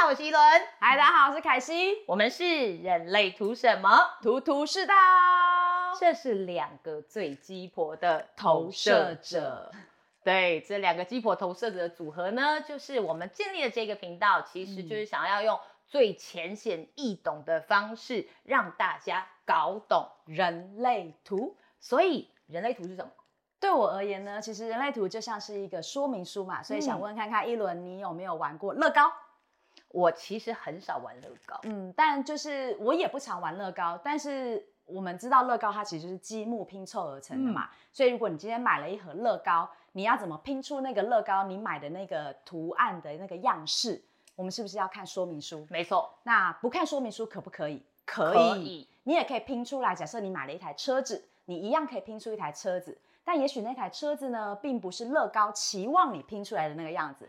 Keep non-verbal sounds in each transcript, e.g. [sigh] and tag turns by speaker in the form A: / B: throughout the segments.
A: 好，我是一倫，嗨，大家好，我是凱西，我們是人類圖什麼圖圖世道，這是兩個最雞婆的投射者，射者 [laughs] 對，這兩個雞婆投射者的組合呢，就是我們建立的這個頻道，其實就是想要用最淺顯易懂的方式
B: 讓大家搞懂人類圖。所以，人類圖是什麼？對我而言呢，其實人類圖就像是一個說明書嘛，所以想問看看一倫，你有沒有玩過樂高？我其實很少玩樂高，嗯，但就是我也不常玩樂高。但是我們知道樂高它其實是積木拼湊而成的嘛，嗯，所以如果你今天買了一盒樂高，你要怎麼拼出那個樂高你買的那個圖案的那個樣式？我們是不是要看說明書？沒錯，那不看說明書可不可以？可以，可以，你也可以拼出來。假設你買了一台車子，你一樣可以拼出一台車子，但也許那台車子呢，並不是樂高期望你拼出來的那個樣子。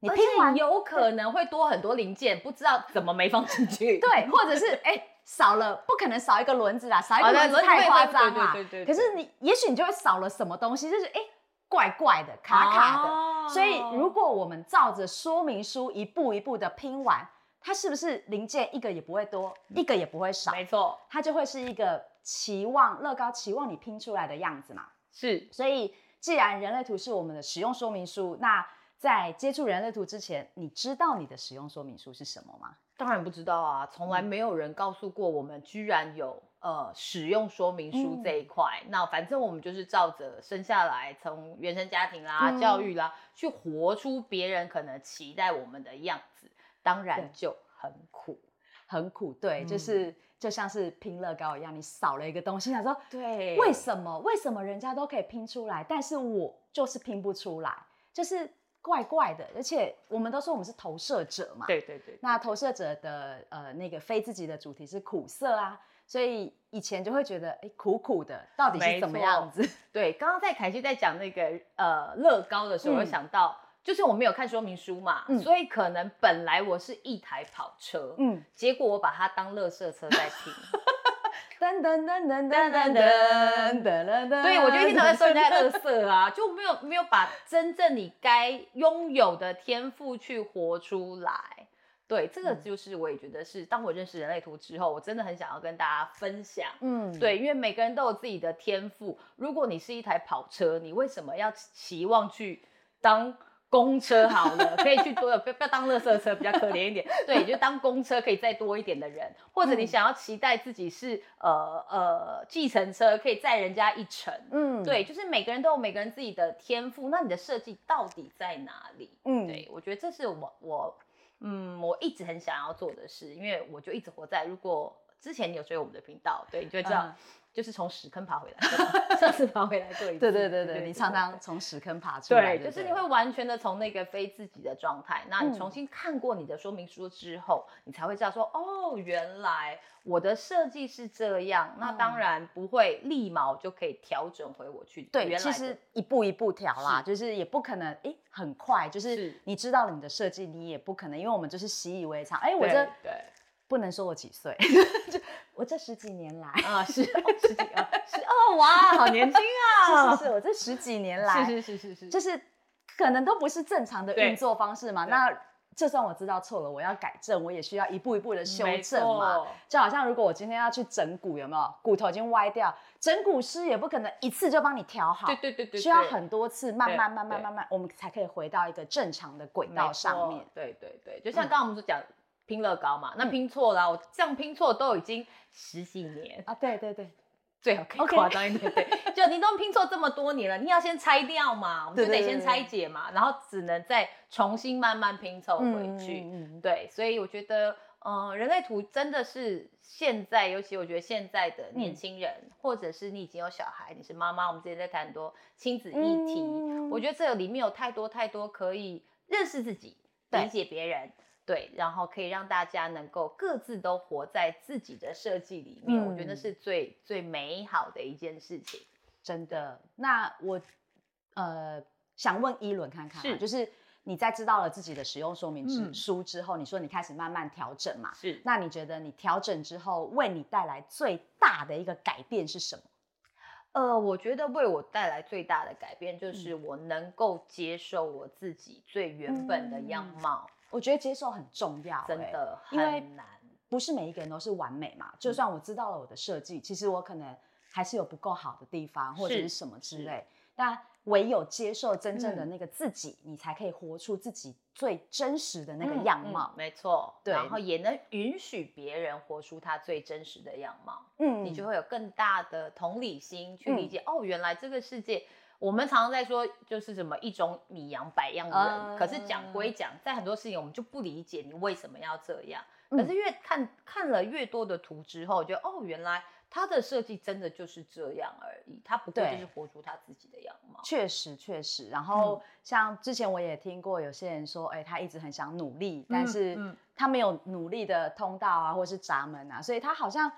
B: 你拼完有可能會多很多零件，啊、不知道怎麼沒放進去對。 [laughs] 對，或者是哎少、欸、了，不可能少一個輪子啦，少一個輪子、哦、對，太誇張啦。對對對對，可是你也許你就會少了什麼東西，就是哎、欸、怪怪的、卡卡的。哦、所以如果我們照着說明書一步一步的拼完，它是不是零件一個也不會多，嗯、一個也不會少？沒錯錯，它就會是一個期望樂高期望你拼出來的樣子嘛。是。所以既然人類圖是我們的使用說明書，那。在接觸人類圖之前，你知道你的使用說明書是什麼嗎？當然不知道啊，從來沒有人告訴過我們，
A: 居然有、嗯、呃使用說明書這一塊。嗯、那反正我們就是照着生下來，從原生家庭啦、嗯、教育啦，去活出別人可能期待我們的樣
B: 子，當然就很苦，對很苦。對，嗯、就是就像是拼樂高一樣，你少了一個東西，想說對，為什麼？為什麼人家都可以拼出來，但是我就是拼不出來，就是。怪怪的，而且我們都說我們是投射者嘛，對對對。那投射者的呃，那個非自己的主題是苦澀啊，所以以前就會覺得哎，苦苦的到底是怎麼樣子？錯對，剛剛在凱
A: 西在講那個呃，樂高的時候，嗯、我想到就是我沒有看說明書嘛，嗯、所以可能本來我是一台跑車，嗯，結果我把它當垃圾車在拼。 [laughs]
B: 噔噔噔噔噔噔噔噔，對，我覺得經常在說人家惡
A: 色啊，就沒有沒有把真正你該擁有的天賦去活出來。對，這個就是我也覺得是，當我認識人類圖之後，我真的很想要跟大家分享。嗯，對，因為每個人都有自己的天賦。如果你是一台跑車，你為什麼要期望去當？公車好了，可以去多了， [laughs] 不要不要當垃圾車，比較可憐一點。 [laughs] 對，就當公車可以再多一點的人，或者你想要期待自己是、嗯、呃呃計程車可以載人家一程，嗯，對，就是每個人都有每個人自己的天賦，那你的設計到底在哪裡？嗯，對，我覺得這是我我嗯我一直很想要做的事，因為我就一直活在如果。之前你有追我們的頻道，對，你就知道，就是從屎坑爬回來，
B: 上次爬回來過一次，對對對對，你常常從屎坑爬出來，對，就是你會
A: 完全的從那個非自己的狀態，那你重新看過你的說明書之後，你才會知道說，哦，原來我的設計是這樣，那當然不會立馬就可以調整回我去，對，其實
B: 一步一步調啦，就是也不可能，哎，很快，就是你知道了你的設計，你也不可能，因為我們就是習以為常，哎，我這對。不能說我幾歲， [laughs] 我這十幾年來啊，是 [laughs] 十幾年，是哦，哇，好年輕啊！是是是，我這十幾年來，是是是是，是就是可能都不是正常的運作方式嘛。對那就對算我知道錯了，我要改正，我也需要一步一步的修正嘛。錯就好像如果我今天要去整骨，有沒有骨頭已經歪掉，整骨師也不可能一次就幫你調好，對，對對對對，需要很多次，慢慢慢慢慢慢，我們才可以回到一個正常的軌道上面。對
A: 對對，就像剛剛我們說講。嗯拼樂高嘛，那拼錯了，嗯、我這樣拼錯都已經十幾年啊！對對對，最好可以誇張一點。對 Okay， [laughs] 就你都拼錯這麼多年了，你要先拆掉嘛，我們就得先拆解嘛，對對對對對，然後只能再重新慢慢拼湊回去。嗯、對，所以我覺得，呃，人類圖真的是現在，尤其我覺得現在的年輕人，嗯、或者是你已經有小孩，你是媽媽，我們之前在談很多親子議題，嗯、我覺得這裡面有太多太多可以認識自己、對理解別人。對，然後可以讓大家能夠各自都活在自己的設計裡
B: 面，嗯、我覺得是最最美好的一件事情，真的。那我呃想問一倫看看，是就是你在知道了自己的使用說明書之後，嗯、你說你開始慢慢調整嘛？是。那你覺得你調整之後為你帶來最大的一個改變是什麼？呃，我覺得為我帶來最大的改變就是我能夠接受我自己最原本的樣貌。嗯我覺得接受很重要，欸，真的很難，因為不是每一個人都是完美嘛。就算我知道了我的設計，其實我可能還是有不夠好的地方，或者是什麼之類。但唯有接受真正的那個自己，嗯，你才可以活出自己最真實的那個樣貌。嗯嗯，
A: 沒錯，對然後也能允許別人活出他最真實的樣貌。嗯，你就會有更大的同理心去理解。嗯，哦，原來這個世界。我們常常在說，就是什麼一種米養百樣的人，嗯、可是講歸講，在很多事情我們就不理解你為什麼要這樣。可是越看看了越多的圖之後，覺得
B: 哦，原來他的設計真的就是這樣而已，他不過就是活出他自己的樣貌。確實確實。然後像之前我也聽過有些人說，哎，他一直很想努力，但是他沒有努力的通道啊，或者是閘門啊，所以他好像。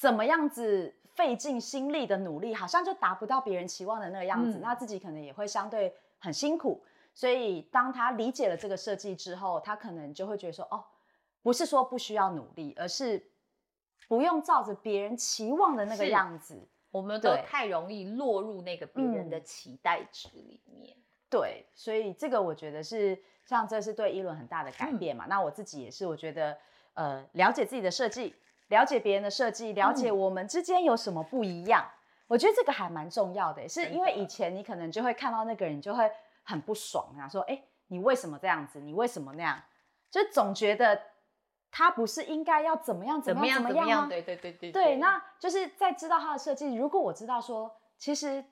B: 怎麼樣子費盡心力的努力，好像就達不到別人期望的那個樣子，嗯、那自己可能也會相對很辛苦。所以當他理解了這個設計之後，他可能就會覺得說：“哦，不是說不需要努力，而是不用照着別人期望的那個樣子。是”對我們都
A: 太容易落入那個別人的期待值裡面，嗯。
B: 對，所以這個我覺得是，像這是對一輪很大的改變嘛。嗯、那我自己也是，我覺得呃，了解自己的設計。了解別人的設計，了解我們之間有什麼不一樣，嗯、我覺得這個還蠻重要的、欸，是因為以前你可能就會看到那個人，就會很不爽啊，說哎、欸，你為什麼這樣子？你為什麼那樣？就總覺得他不是應該要怎麼樣，怎麼樣、怎麼樣、啊，怎麼樣、怎麼樣？對對對、對、對，那就是在知道他的設計。如果我知道說，其實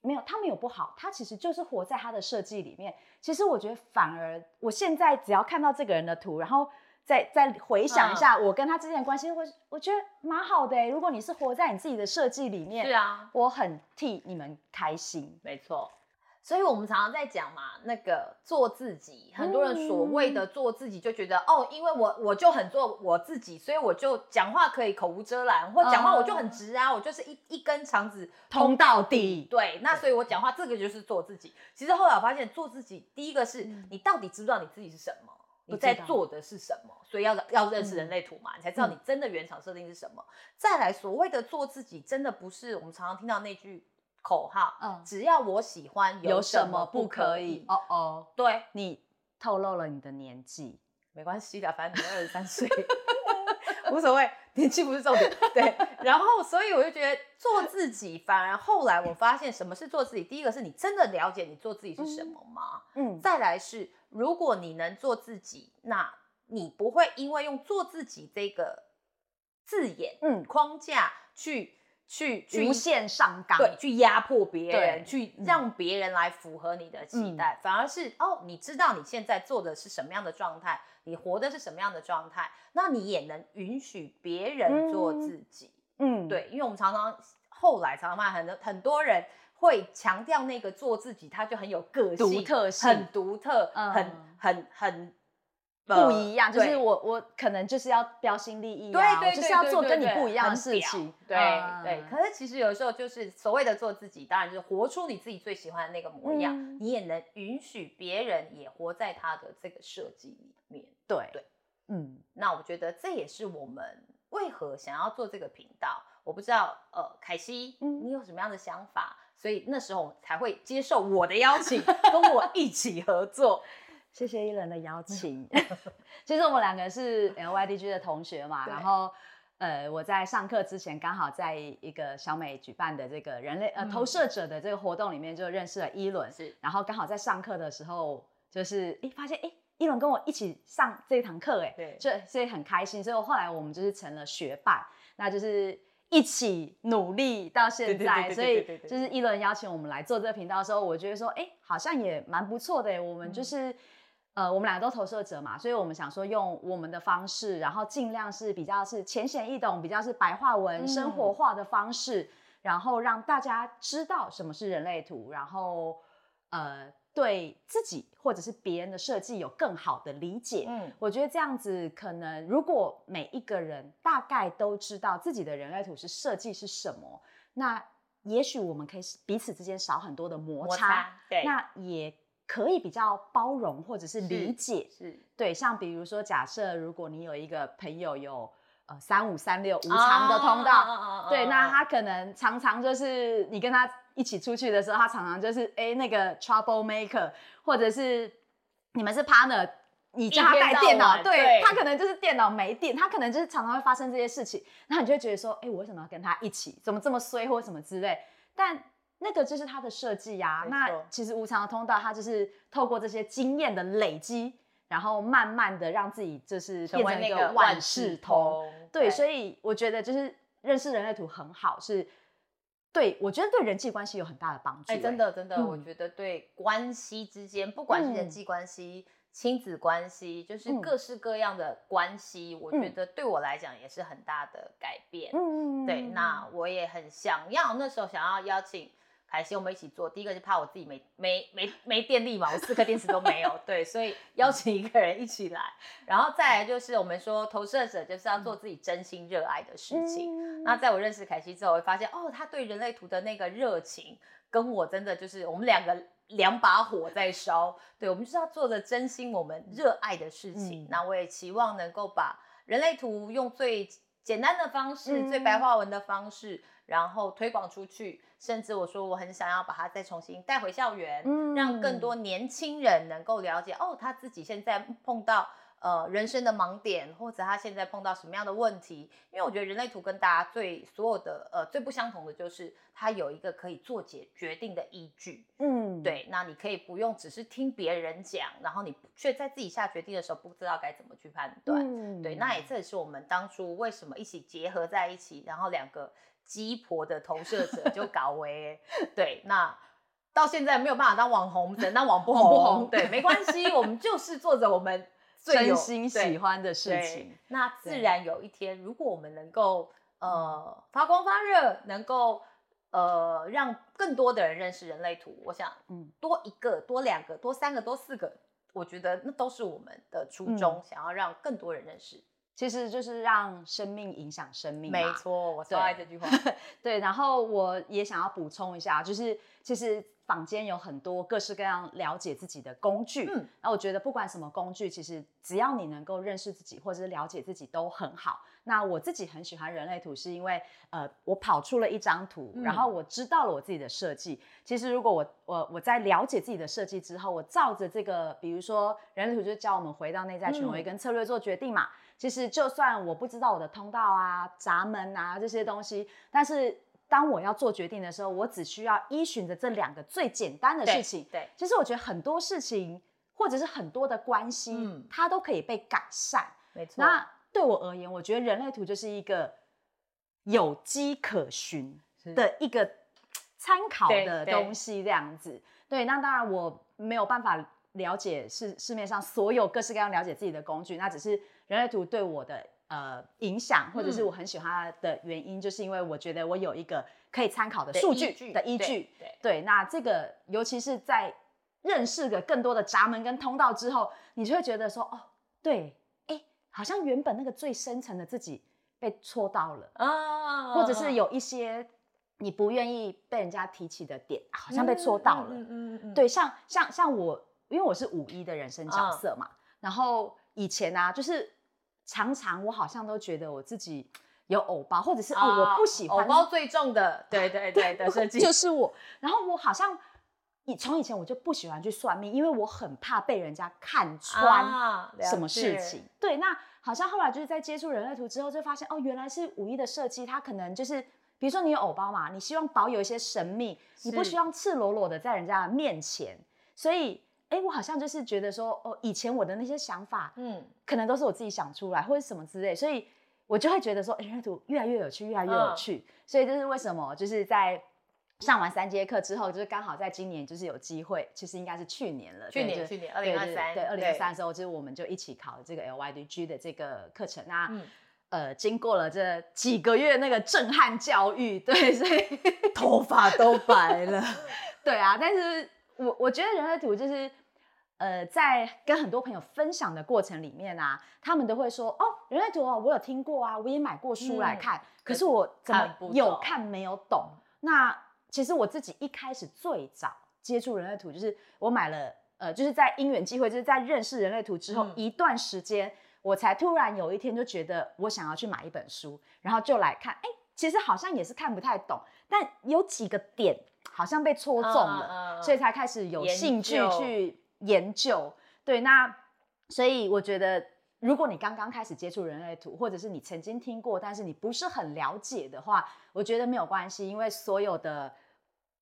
B: 沒有，他沒有不好，他其實就是活在他的設計裡面。其實我覺得反而我現在只要看到這個人的圖，然後。再再回想一下，我跟他之間的關係，嗯、我我覺得蠻好的、欸、如果你是活在你自己的設計裡面，是啊，我很替你們開心，
A: 沒錯。所以我們常常在講嘛，那個做自己，很多人所謂的做自己，就覺得、嗯、哦，因為我我就很做我自己，所以我就講話可以口無遮攔，或講話我就很直啊，我就是一一根腸子通到底。到底對，那所以我講話這個就是做自己。其實後來我發現，做自己第一個是你到底知不知道你自己是什麼。不再做的是什麼，所以要要認識人類圖嘛，嗯、你才知道你真的原廠設定是什麼。嗯、再來，所謂的做自己，真的不是我們常常聽到那句口號，嗯，只要
B: 我喜歡，有什麼不可以？可以哦哦，對，你透露了你的年紀，沒關係的，反正你都二十三歲， [laughs] 無所謂。年紀不是重點，
A: 對。然後，所以我就覺得做自己，反而後來我發現，什麼是做自己？第一個是你真的了解你做自己是什麼嗎嗯？嗯。再來是，如果你能做自己，那你不會因為用“做自己”這個字眼，嗯，框架去去無限
B: 上綱，對，去壓迫別人對，嗯、
A: 去讓別人來符合你的期待、嗯，嗯、反而是哦，你知道你現在做的是什麼樣的狀態。你活的是什麼樣的狀態，那你也能允許別人做自己。嗯，嗯對，因為我們常常後來常常發現很多很多人會強調那個做自己，他就很有個性，獨特性，嗯、很獨特，很很很。
B: 不一樣，就是我我可能就是要標新立異，對對，就是要做跟你不一樣的事情，對對。可是其實有時候就
A: 是所謂的做自己，當然就是
B: 活出你自己
A: 最喜歡的那個模樣，你也能允許別人也活在他的這個設計裡面，對對嗯，那我覺得這也是我們為何想要做這個頻道。我不知道，呃，凱西，你有什麼樣的想法？所以那時候才
B: 會接受我的邀請，跟我一起合作。謝謝一輪的邀請。 [laughs] 其實我們兩個是 L Y D G 的同學嘛， [laughs] 對然後呃，我在上課之前剛好在一個小美舉辦的這個人類、嗯、呃投射者的這個活動裡面就認識了一輪，是然後剛好在上課的時候，就是哎發現誒一輪跟我一起上這一堂課哎，對，就所以很開心，所以後來我們就是成了學霸，那就是一起努力到現在，所以就是一輪邀請我們來做這個頻道的時候，我覺得說哎好像也蠻不錯的，我們就是。嗯呃，我們倆都投射者嘛，所以我們想說用我們的方式，然後盡量是比較是淺顯易懂，比較是白話文、嗯、生活化的方式，然後讓大家知道什麼是人類圖，然後呃，對自己或者是別人的設計有更好的理解。嗯，我覺得這樣子可能，如果每一個人大概都知道自己的人類圖是設計是什麼，那也許我們可以彼此之間少很多的摩擦。摩擦對，那也。可以比較包容或者是理解，是，是對。像比如說，假設如果你有一個朋友有呃三五三六無常的通道，對，那他可能常常就是你跟他一起出去的時候，他常常就是哎那個 trouble maker，或者是你們是 partner，你叫他帶電腦，對，對他可能就是電腦沒電，他可能就是常常會發生這些事情，那你就會覺得說，哎，我為什麼要跟他一起？怎麼這麼衰或什麼之類？但那個就是它的設計呀。那其實無常的通道，它就是透過這些經驗的累積，然後慢慢的讓自己就是變成，個成為那個萬事通。對，對，所以我覺得就是認識人類圖很好，是對，我覺得對人際關係有很大的幫助。欸欸，真的真的，嗯、我覺
A: 得對關係之間，不管是人際關係、親、嗯、子關係，就是各式各樣的關係，嗯、我覺得對我來講也是很大的改變。嗯，對。那我也很想要那時候想要邀請。凱西，還是我們一起做。第一個是怕我自己沒沒沒沒電力嘛，我四顆電池都沒有。 [laughs] 對，所以邀請一個人一起來。嗯、然後再來就是我們說，投射者就是要做自己真心熱愛的事情。嗯、那在我認識凱西之後，我會發現哦，他對人類圖的那個熱情跟我真的就是我們兩個兩把火在燒。對，我們就是要做的真心我們熱愛的事情。嗯、那我也期望能夠把人類圖用最簡單的方式，嗯、最白話文的方式，然後推廣出去。甚至我說我很想要把它再重新帶回校園，嗯，讓更多年輕人能夠了解哦，他自己現在碰到呃人生的盲點，或者他現在碰到什麼樣的問題？因為我覺得人類圖跟大家最所有的呃最不相同的就是它有一個可以做解決定的依據，嗯，對。那你可以不用只是聽別人講，然後你卻在自己下決定的時候不知道該怎麼去判斷，嗯，對。那也正是我們當初為什麼一起結合在一起，然後兩個。雞婆的投射者就搞為、欸、 [laughs] 對，那到現在沒有辦法當網紅的，等當網紅不紅， [laughs] 對，沒關係，我們就是做着我們最真心喜
B: 歡的事情。
A: 那自然有一天，對如果我們能夠呃發光發熱，能夠呃讓更多的人認識人類圖，我想，多一個多兩個多三個多四個，我覺得那都是我們的初衷，嗯、想要讓
B: 更多人認識。其實就是讓生命影響生命，沒錯，我超愛這句話。對， [laughs] 對，然後我也想要補充一下，就是其實坊間有很多各式各樣了解自己的工具，嗯，那我覺得不管什麼工具，其實只要你能夠認識自己或者是了解自己都很好。那我自己很喜歡人類圖，是因為呃，我跑出了一張圖，嗯、然後我知道了我自己的設計。其實如果我我我在了解自己的設計之後，我照着這個，比如說人類圖就教我們回到內在權威跟策略做決定嘛。其實，就算我不知道我的通道啊、閘門啊這些東西，但是當我要做決定的時候，我只需要依循着這兩個最簡單的事情。對，對，其實我覺得很多事情，或者是很多的關係，嗯、它都可以被改善。沒錯。那對我而言，我覺得人類圖就是一個有跡可循的一個參考的東西，這樣子。對，對，對，那當然我沒有辦法了解市市面上所有各式各樣了解自己的工具，嗯、那只是。人類圖對我的呃影響，或者是我很喜歡它的原因，嗯、就是因為我覺得我有一個可以參考的數據的依據。對，那這個尤其是在認識了更多的閘門跟通道之後，你就會覺得說，哦，對，哎、欸，好像原本那個最深層的自己被戳到了
A: 啊，哦、或者是有
B: 一些你不願意被人家提起的點，好像被戳到了。嗯嗯嗯。嗯嗯嗯對，像像像我，因為我是五一的人生角色嘛，哦、然後以前啊，就是。常常我好像都覺得我自己有偶包，或者是、啊哦、我不喜歡偶包最重的，
A: 對對對的設計、啊、就是
B: 我。然後我好像以從以前我就不喜歡去算命，因為我很怕被人家看穿什麼事情。啊、對，那好像後來就是在接觸人類圖之後，就發現哦，原來是五一的設計，他可能就是比如說你有偶包嘛，你希望保有一些神秘，是你不希望赤裸裸的在人家的面前，所以。哎、欸，我好像就是覺得說，哦，以前我的那些想法，嗯，可能都是我自己想出來或者什麼之類的，所以我就會覺得說、欸，人類圖越來越有趣，越來越有趣。嗯、所以這是為什麼？就是在上完三節課之後，就是剛好在今年就，就是有機會，其實應該是去年了。去年，就去年，二零二三，對，二零二三的時候，就是我們就一起考了這個 L Y D G 的這個課程。嗯對，呃，經過了這幾個月那個震撼教育，對，所以頭髮都白了。 [laughs] 對啊，但是我我覺得人類圖就是。呃，在跟很多朋友分享的過程裡面啊，他們都會說：“哦，人類圖哦，我有聽過啊，我也買過書來看，嗯、可是我怎麼有看沒有懂？”嗯、那其實我自己一開始最早接觸人類圖，就是我買了呃，就是在因緣際會，就是在認識人類圖之後、嗯、一段時間，我才突然有一天就覺得我想要去買一本書，然後就來看。哎，其實好像也是看不太懂，但有幾個點好像被戳中了，嗯嗯、所以才開始有興趣去。研究。對，那所以我覺得，如果你剛剛開始接觸人類圖，或者是你曾經聽過，但是你不是很了解的話，我覺得沒有關係，因為所有的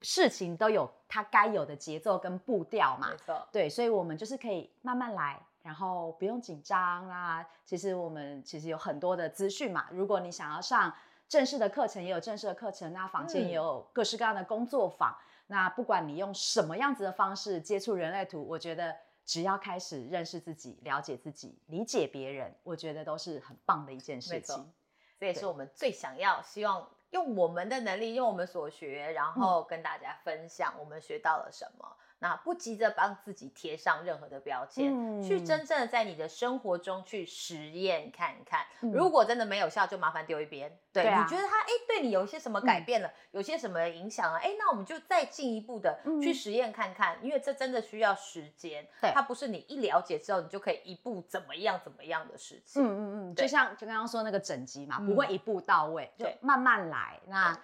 B: 事情都有它該有的節奏跟步調嘛。沒錯，對，所以我們就是可以慢慢來，然後不用緊張啦啊。其實我們其實有很多的資訊嘛，如果你想要上正式的課程，也有正式的課程啊，那坊間也有各式各樣的工作坊。嗯那不管你用什麼樣子的方式接觸人類圖，我覺得只要開始認識自己、了解自己、理解別人，我覺得都是很棒的一件事情。沒
A: 錯，這也是我們最想要、對希望用我們的能力、用我們所學，然後跟大家分享我們學到了什麼。嗯那不急着幫自己貼上任何的標籤，去真正的在你的生活中去實驗看看。如果真的沒有效，就麻煩丟一邊。對，你覺得他哎，對你有一些什麼改變了，有些什麼影響啊？哎，那我們就再進一步的去實驗看看，因為這真的需要時間。對，它不是你一了解之後你就可以一步怎麼
B: 樣怎麼樣的事情。嗯嗯，就像就剛剛說那個整機嘛，不會一步到位，就慢慢來。那。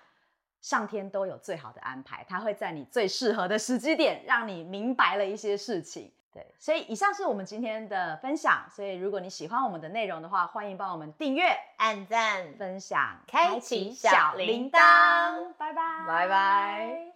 B: 上天都有最好的安排，它會在你最適合的時機點，讓你明白了一些事情。對，所以以上是我們今天的分享。所以如果你喜歡我們的內容的話，歡迎幫我們訂閱、按讚、分享、開啟小鈴鐺。拜拜，拜拜。